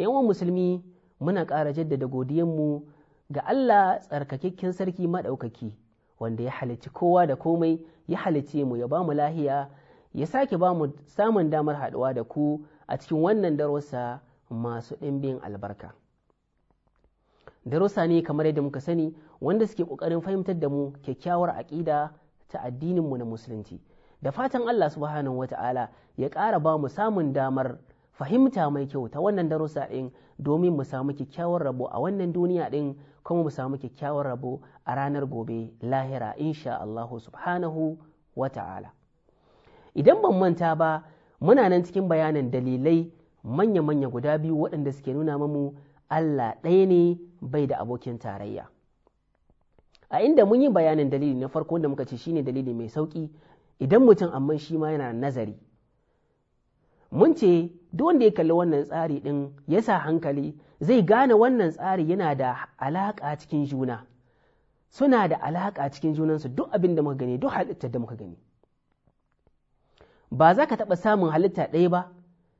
yawan musulmi muna ƙara jaddada godiyanmu ga Allah tsarkakakken sarki maɗaukaki wanda ya halicci kowa da komai ya halicce mu ya ba mu lahiya ya sake ba mu samun damar haɗuwa da ku a cikin wannan darussa masu ɗimbin albarka darussa ne kamar yadda muka sani wanda suke ƙoƙarin fahimtar da mu kyakkyawar aƙida ta addininmu na musulunci da fatan Allah subhanahu wata'ala ya ƙara ba mu samun damar fahimta mai kyau ta wannan darussa ɗin domin mu samu kyakkyawar rabo a wannan duniya ɗin kuma mu samu kyakkyawar rabo a ranar gobe lahira insha Allahu subhanahu wa ta'ala idan ban manta ba muna nan cikin bayanin dalilai manya-manya guda biyu waɗanda suke nuna mamu Allah ɗaya ne bai da abokin tarayya a inda mun yi bayanin dalili na farko da muka ce shine dalili mai sauƙi, idan mutum amma shi ma yana nazari mun ce duk wanda ya kalli wannan tsari ɗin ya sa hankali zai gane wannan tsari yana da alaƙa cikin juna suna da alaƙa cikin junansu duk abin da muka gani duk halittar da muka gani ba za ka taɓa samun halitta ɗaya ba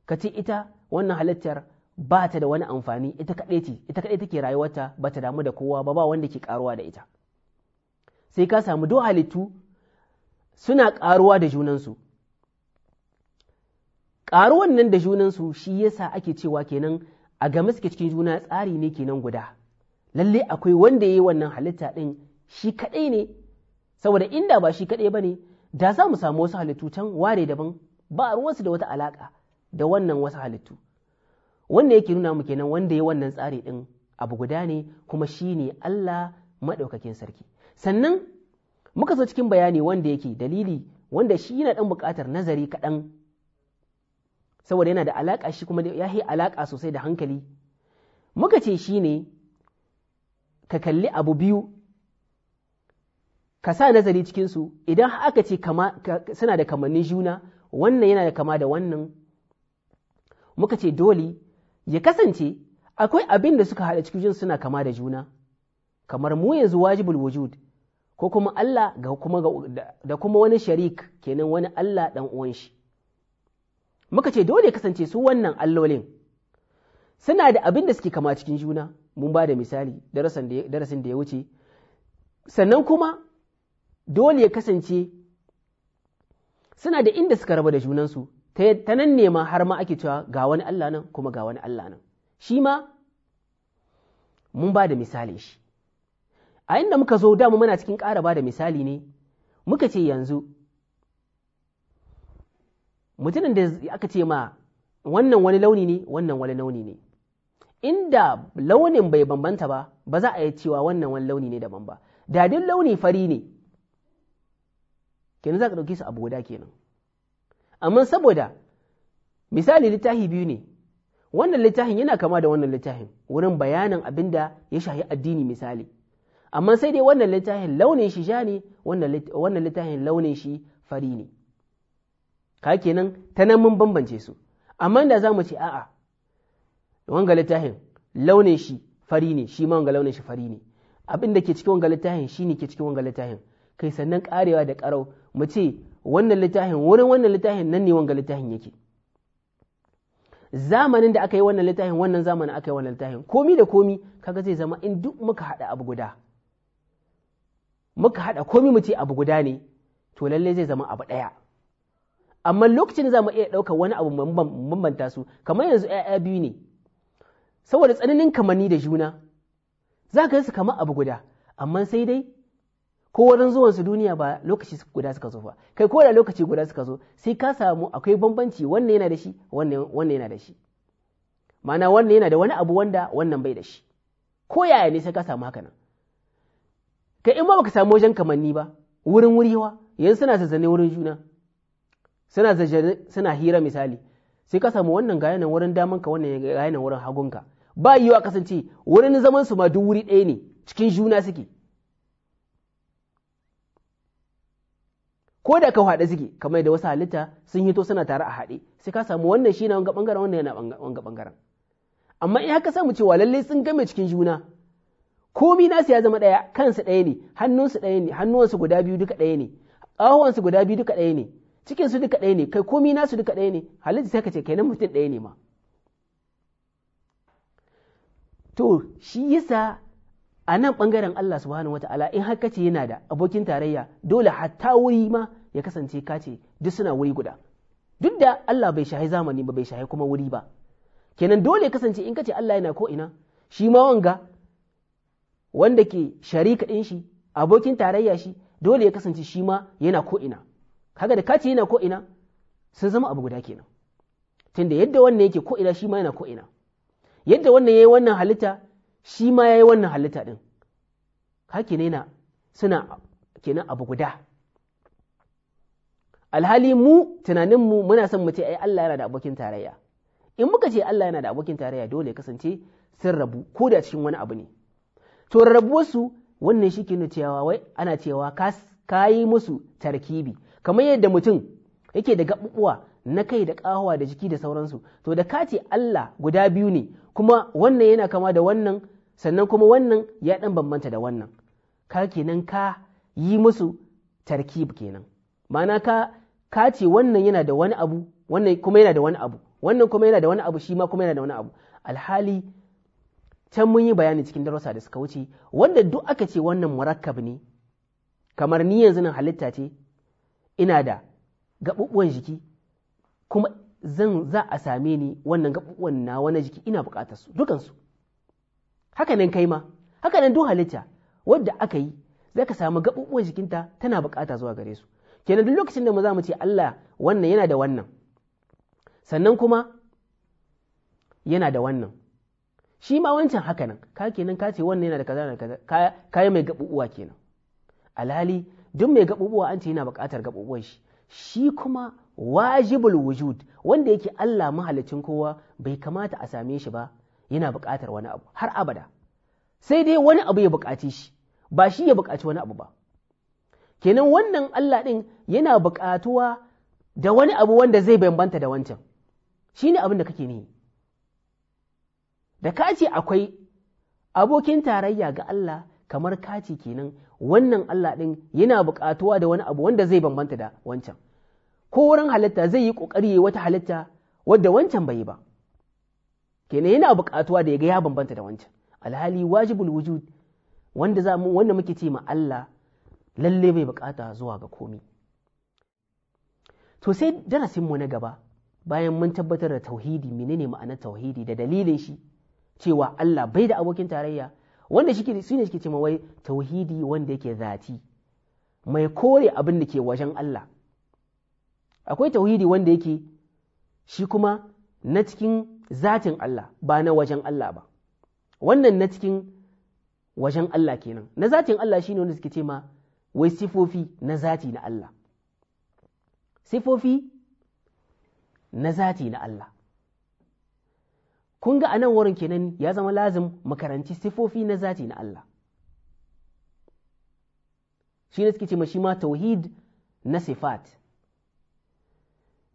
ka ce ita wannan halittar ba ta da wani amfani ita kaɗai ce ita kaɗai take rayuwarta ba ta damu da kowa ba ba wanda ke ƙaruwa da ita sai ka samu duk halittu suna ƙaruwa da junansu ƙaruwan nan da junansu shi yasa ake cewa kenan a game suke cikin juna tsari ne kenan guda lalle akwai wanda ya yi wannan halitta ɗin shi kaɗai ne saboda inda ba shi kaɗai ba da za mu samu wasu halittu can ware daban ba a ruwansu da wata alaƙa da wannan wasu halittu wannan yake nuna mu kenan wanda ya wannan tsari ɗin abu guda ne kuma shi ne Allah maɗaukakin sarki sannan muka zo cikin bayani wanda yake dalili wanda shi yana ɗan buƙatar nazari kaɗan saboda yana da alaƙa shi kuma ya yi alaƙa sosai da hankali muka ce shi ne ka kalli abu biyu ka sa nazari cikinsu idan aka ce suna da kamannin juna wannan yana da kama da wannan muka ce dole ya kasance akwai abin da suka haɗa cikin suna kama da juna kamar mu yanzu wajibul wujud ko kuma Allah da kuma wani sharik kenan wani Allah ɗan uwan shi muka ce dole kasance su wannan allolin suna da abin da suke kama cikin juna mun ba da misali darasin da ya wuce sannan kuma dole ya kasance suna da inda suka raba da junansu ta nan ne har ma ake cewa ga wani Allah nan kuma ga wani Allah nan shi ma mun ba da misalin shi a inda muka zo damu muna cikin ƙara ba da misali ne muka ce yanzu mutumin da aka ce ma wannan wani launi ne wannan wani launi ne inda launin bai bambanta ba ba za a yi cewa wannan wani launi ne daban ba dadin duk launi fari ne kenan za ka ɗauki su abu guda kenan amma saboda misali littafi biyu ne wannan littafin yana kama da wannan littafin wurin bayanin abin da ya shahi addini misali amma sai dai wannan littafin launin shi ja ne wannan littafin launin shi fari ne ka kenan ta nan mun bambance su amma da za mu ce a'a wanga littafin launin shi fari ne shi ma wanga launin shi fari ne abin da ke cikin wanga littafin shi ne ke cikin wanga littafin kai sannan karewa da karau mu ce wannan littafin wurin wannan littafin nan ne wanga littafin yake zamanin da aka yi wannan littafin wannan zamanin aka yi wannan littafin komi da komi kaga zai zama in duk muka hada abu guda muka hada komi mu ce abu guda ne to lallai zai zama abu ɗaya amma lokacin za mu iya ɗaukar wani abu bambanta su kamar yanzu ‘ya'ya biyu ne saboda tsananin kamanni da juna za ka su kamar abu guda amma sai dai ko wurin zuwan su duniya ba lokaci guda suka zo ba kai ko da lokaci guda suka zo sai ka samu akwai bambanci wannan yana da shi wannan yana da shi ma'ana wannan yana da wani abu wanda wannan bai da shi ko yaya ne sai ka samu haka nan kai in ma baka samu wajen kamanni ba wurin wuriwa yanzu suna zazzane wurin juna suna zajjani suna hira misali sai ka samu wannan ga yanayin wurin damanka wannan ga yanayin wurin hagunka ba yiwa kasance wurin zaman su ma duk wuri ɗaya ne cikin juna suke ko da ka haɗe suke kamar da wasu halitta sun hito suna tare a haɗe sai ka samu wannan shi na wanga ɓangaren wannan yana wanga ɓangaren amma in haka samu cewa lalle sun game cikin juna komi nasu ya zama ɗaya kansu ɗaya ne hannunsu ɗaya ne hannuwansu guda biyu duka ɗaya ne ahuwansu guda biyu duka ɗaya ne cikin su duka ɗaya ne kai komi nasu duka ɗaya ne halitta sai ka ce kenan mutum ɗaya ne ma to shi yasa a nan ɓangaren Allah subhanahu wata'ala in har kace yana da abokin tarayya dole hatta wuri ma ya kasance kace duk suna wuri guda duk da Allah bai shahi zamani ba bai shahi kuma wuri ba kenan dole ya kasance in kace Allah yana ko ina shi ma wanga wanda ke sharika ɗin shi abokin tarayya shi dole ya kasance shi ma yana ko ina kaga da kati yana ko'ina sun zama abu guda kenan tunda yadda wannan yake ko'ina ina shi ma yana ko'ina, yadda wannan ya yi wannan halitta shi ma yi wannan halitta din haka ne suna kenan abu guda alhali mu tunanin muna son mu ce ai Allah yana da abokin tarayya in muka ce Allah yana da abokin tarayya dole kasance sun rabu ko da cikin wani abu ne to rarrabuwarsu wannan shi ke cewa wai ana cewa ka yi musu tarkibi kamar yadda mutum yake da gaɓuɓuwa na kai da ƙahawa da jiki da sauransu to da kace Allah guda biyu ne kuma wannan yana kama da wannan sannan kuma wannan ya ɗan bambanta da wannan ka kenan ka yi musu tarkib kenan ma'ana ka ka wannan yana da wani abu wannan kuma yana da wani abu wannan kuma yana da wani abu shi ma kuma yana da wani abu alhali can mun yi bayani cikin darussa da suka wuce wanda duk aka ce wannan murakkab ne kamar ni yanzu nan halitta ce ina da gaɓuɓɓuwan jiki kuma zan za a same ni wannan gaɓuɓɓuwan na wani jiki ina buƙatar su dukansu haka nan kai ma haka nan duk halitta wadda aka yi za ka samu gaɓuɓɓuwan jikinta tana buƙata zuwa gare su kenan duk lokacin da mu za mu ce Allah wannan yana da wannan sannan kuma yana da wannan shi ma wancan haka nan ka kenan ka ce wannan yana da kaza da kaza ka yi mai gaɓuɓuwa kenan alhali duk mai gaɓuɓuwa an ce yana buƙatar gaɓuɓuwan shi shi kuma wajibul wujud wanda yake Allah mahalicin kowa bai kamata a same shi ba yana bukatar wani abu har abada sai dai wani abu ya buƙaci shi ba shi ya bukaci wani abu ba kenan wannan Allah ɗin yana bukatuwa da wani abu wanda zai bambanta da wancan shi ne abin da kake ne da ka ce akwai abokin tarayya ga Allah kamar kati kenan wannan Allah ɗin yana buƙatuwa da wani abu wanda zai bambanta da wancan ko wurin halitta zai yi ƙoƙari ya wata halitta wadda wancan bai yi ba kenan yana buƙatuwa da ya ga ya bambanta da wancan alhali wajibul wujud wanda za mu wanda muke ce ma Allah lalle bai buƙata zuwa ga komi to sai darasin mu na gaba bayan mun tabbatar da tauhidi menene ma'anar tauhidi da dalilin shi cewa Allah bai da abokin tarayya wanda shi su ne suke ce wai tauhidi wanda yake zati mai kore abin da ke wajen Allah akwai tauhidi wanda yake shi kuma na cikin zatin Allah ba na wajen Allah ba wannan na cikin wajen Allah kenan na zatin Allah ne wanda suke ce ma wai sifofi na zati na Allah sifofi na zati na Allah kun ga anan wurin kenan ya zama lazim makaranci sifofi na zati na Allah shi ne suke ce shi ma tauhid na sifat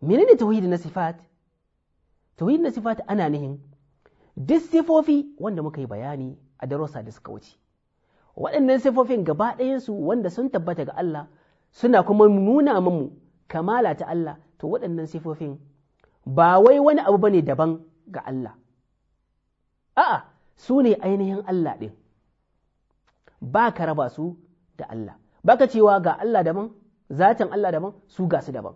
menene tauhid na sifat tauhid na sifat ana nihin duk sifofi wanda muka yi bayani a darussa da suka wuce waɗannan sifofin gaba ɗayansu wanda sun tabbata ga Allah suna kuma nuna mamu kamala ta Allah to waɗannan sifofin ba wai wani abu bane daban ga Allah a'a su ne ainihin Allah ɗin ba ka raba su da Allah ba ka cewa ga Allah daban zatin Allah daban su ga su daban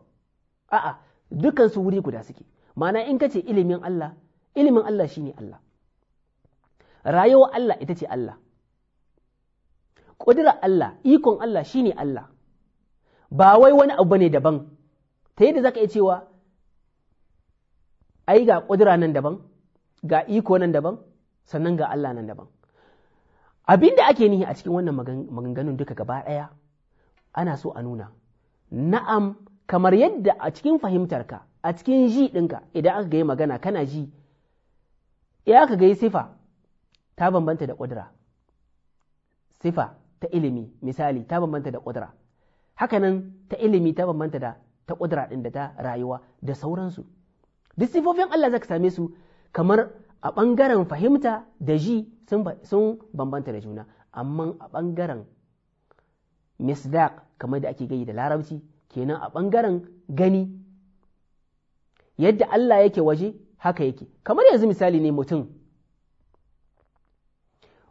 a'a dukan wuri guda suke Mana in ka ce ilimin Allah ilimin Allah shi ne Allah rayuwar Allah ita ce Allah ƙudurar Allah ikon Allah shi ne Allah ba wai wani abu ne daban ta yadda za ka iya cewa ai ga ƙudura nan daban ga iko nan daban sannan ga Allah nan daban abin da ake nihi a cikin wannan maganganun duka gaba ɗaya ana so a nuna na'am kamar yadda a cikin fahimtarka a cikin ji ɗinka idan aka gai magana kana ji Ya aka gai sifa ta bambanta da ƙudura sifa ta ilimi misali ta bambanta da ƙudura hakanan ta ilimi ta bambanta da ta ƙudura ɗin da ta rayuwa da sauransu duk sifofin Allah zaka same su kamar a ɓangaren fahimta da ji sun bambanta da juna amma a ɓangaren misdaq kamar da ake gani da larabci kenan a ɓangaren gani yadda Allah yake waje haka yake kamar yanzu misali ne mutum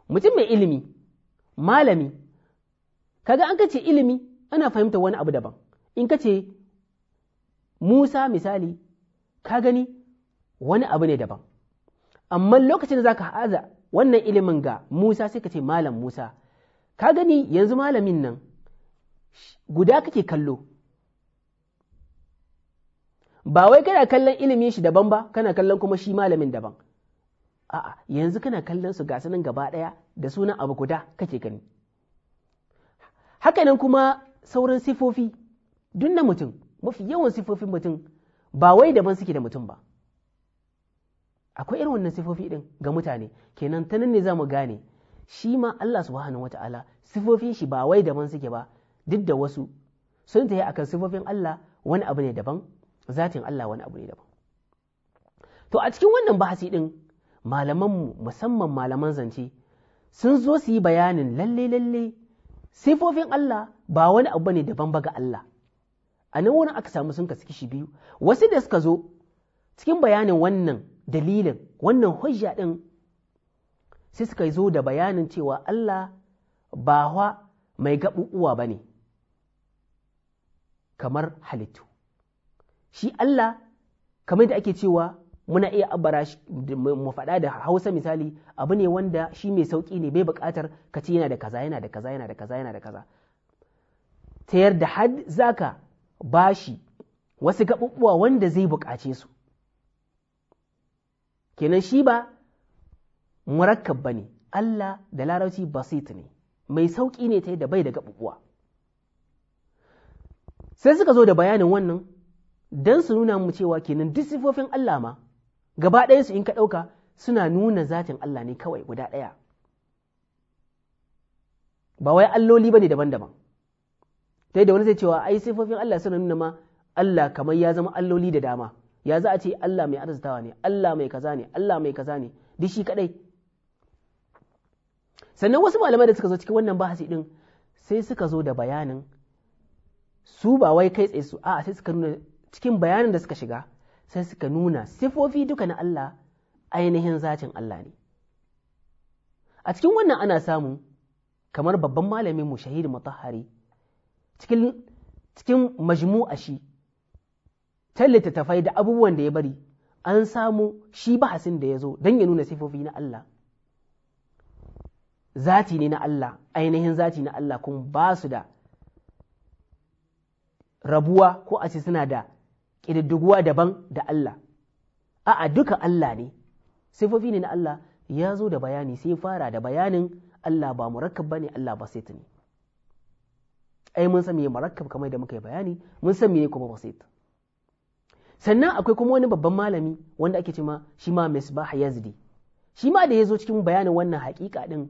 mutum mai ilimi malami kaga an kace ilimi ana fahimta wani abu daban in kace Musa misali ka gani wani abu ne daban amma lokacin da ka haza wannan ilimin ga Musa sai ka ce malam Musa ka gani yanzu malamin nan guda kake kallo ba wai kana kallon ilimin shi daban ba kana kallon kuma shi malamin daban a'a yanzu kana kallon su gasu nan gaba ɗaya da sunan abu guda kake gani nan kuma sauran sifofi duk na mutum mafi yawan sifofin mutum ba wai daban suke da mutum ba akwai irin wannan sifofi din ga mutane kenan ta nan ne za mu gane shi ma Allah subhanahu wata'ala sifofin shi ba wai daban suke ba duk da wasu sun yi akan sifofin Allah wani abu ne daban zatin Allah wani abu ne daban to a cikin wannan bahasi din malamanmu musamman malaman zance sun zo su yi bayanin lalle lalle sifofin Allah ba wani abu ne daban ba ga Allah a nan wurin aka samu sun kasu kishi biyu wasu da suka zo cikin bayanin wannan dalilin wannan hujja ɗin sai suka zo da bayanin cewa Allah ba wa mai gaɓuɓuwa ba ne kamar halittu shi Allah kamar da ake cewa muna iya abara mu faɗa da hausa misali abu ne wanda shi mai sauƙi ne bai buƙatar ka ce yana da kaza yana da kaza yana da kaza yana da kaza ta yarda had zaka bashi wasu gaɓuɓɓuwa wanda zai buƙace su kenan shi ba murakkab ba ne Allah da larabci basit ne mai sauƙi ne ta da bai da gaɓuɓuwa sai suka zo da bayanin wannan don su nuna mu cewa kenan duk sifofin Allah ma gaba su in ka ɗauka suna nuna zatin Allah ne kawai guda ɗaya ba wai alloli ba ne daban-daban ta da wani zai cewa ai sifofin Allah suna nuna ma Allah kamar ya zama alloli da dama ya za a ce Allah mai arzitawa ne Allah mai kaza ne Allah mai kaza ne duk shi kadai sannan wasu malamai da suka zo cikin wannan bahasi din sai suka zo da bayanin su ba wai kai tsaye su a sai suka nuna cikin bayanin da suka shiga sai suka nuna sifofi duka na Allah ainihin zacin Allah ne a cikin wannan ana samu kamar babban malamin mu shahid mutahhari cikin cikin majmu'a shi can littattafai da abubuwan da ya bari an samu shi bahasin da ya zo don ya nuna sifofi na Allah zati ne na Allah ainihin zati na Allah kuma ba su da rabuwa ko a ce suna da ƙididduguwa daban da Allah a'a duka Allah ne sifofi ne na Allah ya zo da bayani sai fara da bayanin Allah ba murakkab ne, Allah ba sai ne ai mun san me murakkab kamar da muka yi bayani mun san me kuma basit sannan akwai kuma wani babban malami wanda ake cima shi ma misbah yazdi shi ma da ya zo cikin bayanin wannan haƙiƙa ɗin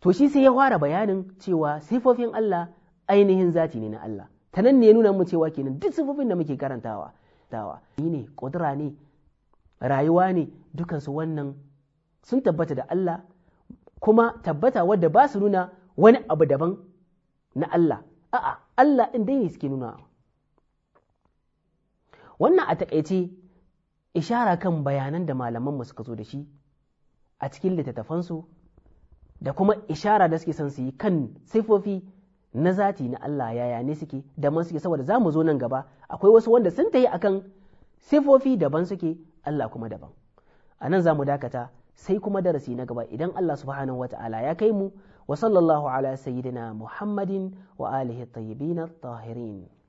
to shi sai ya fara bayanin cewa sifofin Allah ainihin zati ne na Allah ta nan ne ya nuna mu cewa kenan duk sifofin da muke karantawa tawa ni ne ƙudura ne rayuwa ne dukansu wannan sun tabbata da Allah kuma tabbata wadda ba su nuna wani abu daban na Allah a'a Allah ɗin dai ne suke nuna wannan a takaice ishara kan bayanan da malaman mu suka zo da shi a cikin littattafansu da kuma ishara da suke son su yi kan sifofi na zati na Allah yaya ne suke da man suke saboda za mu zo nan gaba akwai wasu wanda sun tayi akan sifofi daban suke Allah kuma daban a nan za mu dakata sai kuma darasi na gaba idan Allah subhanahu wa ta'ala ya kai mu wa sallallahu ala sayyidina Muhammadin wa alihi tayyibin tahirin